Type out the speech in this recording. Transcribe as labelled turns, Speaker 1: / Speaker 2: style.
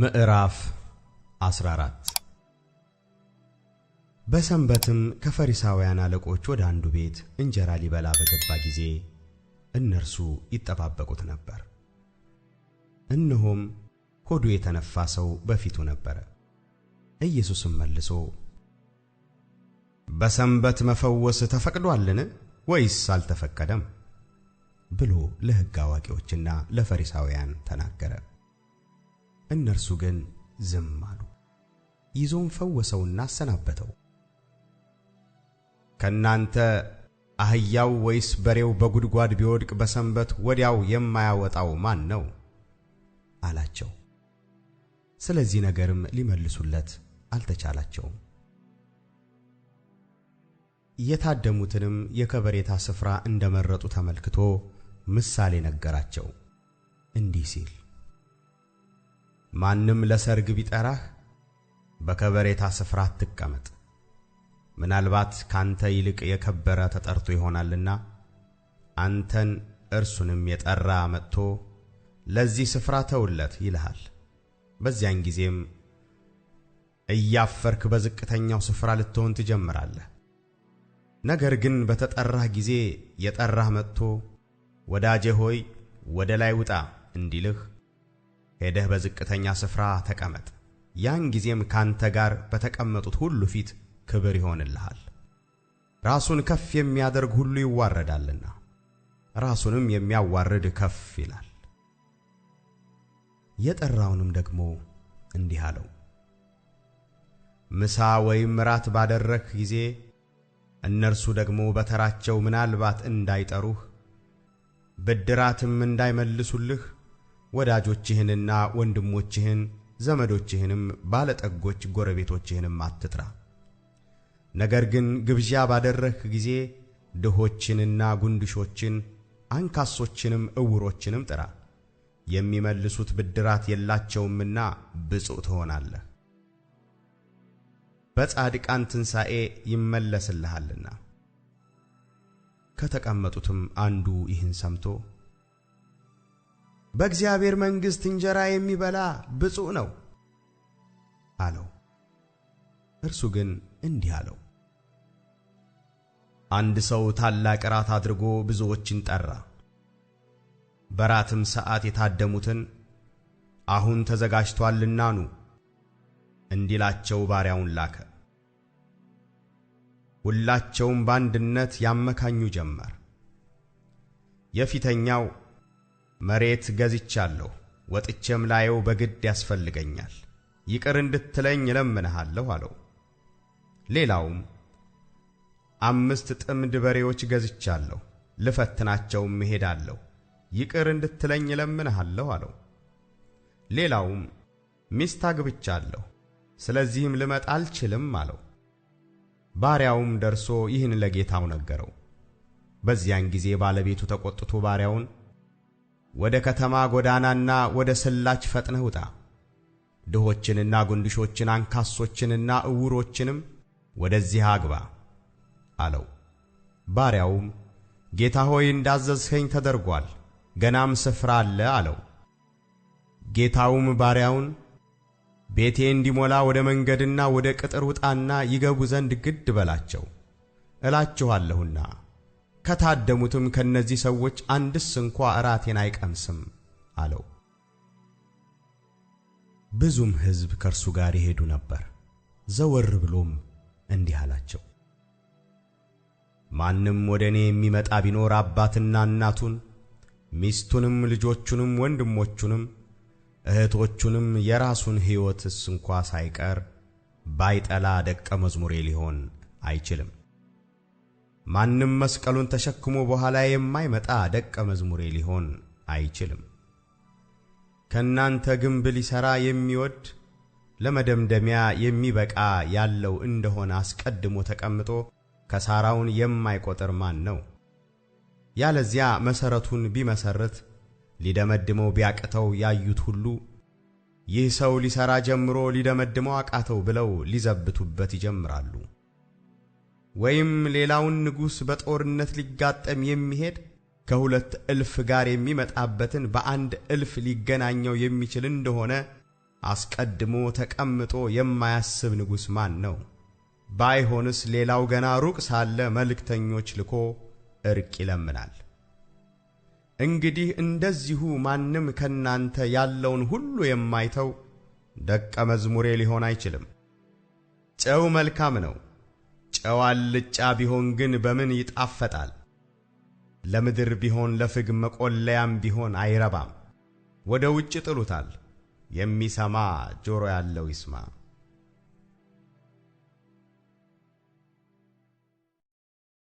Speaker 1: ምዕራፍ 14 በሰንበትም ከፈሪሳውያን አለቆች ወደ አንዱ ቤት እንጀራ ሊበላ በገባ ጊዜ እነርሱ ይጠባበቁት ነበር። እነሆም ሆዱ የተነፋ ሰው በፊቱ ነበረ። ኢየሱስም መልሶ በሰንበት መፈወስ ተፈቅዶአልን ወይስ አልተፈቀደም? ብሎ ለሕግ አዋቂዎችና ለፈሪሳውያን ተናገረ። እነርሱ ግን ዝም አሉ። ይዞም ፈወሰውና አሰናበተው። ከእናንተ አህያው ወይስ በሬው በጉድጓድ ቢወድቅ በሰንበት ወዲያው የማያወጣው ማን ነው? አላቸው። ስለዚህ ነገርም ሊመልሱለት አልተቻላቸውም። የታደሙትንም የከበሬታ ስፍራ እንደመረጡ ተመልክቶ ምሳሌ ነገራቸው እንዲህ ሲል ማንም ለሰርግ ቢጠራህ በከበሬታ ስፍራ አትቀመጥ፤ ምናልባት ካንተ ይልቅ የከበረ ተጠርቶ ይሆናልና አንተን እርሱንም የጠራ መጥቶ ለዚህ ስፍራ ተውለት ይልሃል። በዚያን ጊዜም እያፈርክ በዝቅተኛው ስፍራ ልትሆን ትጀምራለህ። ነገር ግን በተጠራህ ጊዜ የጠራህ መጥቶ ወዳጄ ሆይ ወደ ላይ ውጣ እንዲልህ ሄደህ በዝቅተኛ ስፍራ ተቀመጥ፣ ያን ጊዜም ካንተ ጋር በተቀመጡት ሁሉ ፊት ክብር ይሆንልሃል። ራሱን ከፍ የሚያደርግ ሁሉ ይዋረዳልና፣ ራሱንም የሚያዋርድ ከፍ ይላል። የጠራውንም ደግሞ እንዲህ አለው፦ ምሳ ወይም እራት ባደረግህ ጊዜ እነርሱ ደግሞ በተራቸው ምናልባት እንዳይጠሩህ ብድራትም እንዳይመልሱልህ ወዳጆችህንና ወንድሞችህን ዘመዶችህንም ባለጠጎች ጎረቤቶችህንም አትጥራ። ነገር ግን ግብዣ ባደረግህ ጊዜ ድሆችንና ጉንድሾችን አንካሶችንም እውሮችንም ጥራ፤ የሚመልሱት ብድራት የላቸውምና ብፁዕ ትሆናለህ፤ በጻድቃን ትንሣኤ ይመለስልሃልና። ከተቀመጡትም አንዱ ይህን ሰምቶ በእግዚአብሔር መንግሥት እንጀራ የሚበላ ብፁዕ ነው አለው። እርሱ ግን እንዲህ አለው፦ አንድ ሰው ታላቅ ራት አድርጎ ብዙዎችን ጠራ። በራትም ሰዓት የታደሙትን አሁን ተዘጋጅቶአልና ኑ እንዲላቸው ባሪያውን ላከ። ሁላቸውም በአንድነት ያመካኙ ጀመር። የፊተኛው መሬት ገዝቻለሁ፣ ወጥቼም ላየው በግድ ያስፈልገኛል፣ ይቅር እንድትለኝ እለምንሃለሁ አለው። ሌላውም አምስት ጥምድ በሬዎች ገዝቻለሁ፣ ልፈትናቸውም እሄዳለሁ፣ ይቅር እንድትለኝ እለምንሃለሁ አለው። ሌላውም ሚስት አግብቻለሁ፣ ስለዚህም ልመጣ አልችልም አለው። ባሪያውም ደርሶ ይህን ለጌታው ነገረው። በዚያን ጊዜ ባለቤቱ ተቆጥቶ ባሪያውን ወደ ከተማ ጎዳናና ወደ ስላች ፈጥነህ ውጣ። ድሆችንና ጉንድሾችን አንካሶችንና እውሮችንም ወደዚህ አግባ አለው። ባሪያውም ጌታ ሆይ እንዳዘዝኸኝ ተደርጓል፣ ገናም ስፍራ አለ አለው። ጌታውም ባሪያውን ቤቴ እንዲሞላ ወደ መንገድና ወደ ቅጥር ውጣና ይገቡ ዘንድ ግድ በላቸው እላችኋለሁና ከታደሙትም ከነዚህ ሰዎች አንድስ እንኳ እራቴን አይቀምስም አለው። ብዙም ሕዝብ ከእርሱ ጋር ይሄዱ ነበር። ዘወር ብሎም እንዲህ አላቸው፦ ማንም ወደ እኔ የሚመጣ ቢኖር አባትና እናቱን ሚስቱንም ልጆቹንም ወንድሞቹንም እህቶቹንም የራሱን ሕይወትስ እንኳ ሳይቀር ባይጠላ ደቀ መዝሙሬ ሊሆን አይችልም። ማንም መስቀሉን ተሸክሞ በኋላ የማይመጣ ደቀ መዝሙሬ ሊሆን አይችልም። ከእናንተ ግንብ ሊሠራ የሚወድ ለመደምደሚያ የሚበቃ ያለው እንደሆነ አስቀድሞ ተቀምጦ ከሳራውን የማይቆጥር ማን ነው? ያለዚያ መሠረቱን ቢመሠርት ሊደመድመው ቢያቅተው ያዩት ሁሉ ይህ ሰው ሊሠራ ጀምሮ ሊደመድመው አቃተው ብለው ሊዘብቱበት ይጀምራሉ። ወይም ሌላውን ንጉሥ በጦርነት ሊጋጠም የሚሄድ ከሁለት እልፍ ጋር የሚመጣበትን በአንድ እልፍ ሊገናኘው የሚችል እንደሆነ አስቀድሞ ተቀምጦ የማያስብ ንጉሥ ማን ነው? ባይሆንስ ሌላው ገና ሩቅ ሳለ መልእክተኞች ልኮ እርቅ ይለምናል። እንግዲህ እንደዚሁ ማንም ከናንተ ያለውን ሁሉ የማይተው ደቀ መዝሙሬ ሊሆን አይችልም። ጨው መልካም ነው። ጨው አልጫ ቢሆን ግን በምን ይጣፈጣል? ለምድር ቢሆን ለፍግ መቆለያም ቢሆን አይረባም፤ ወደ ውጭ ጥሉታል። የሚሰማ ጆሮ ያለው ይስማ።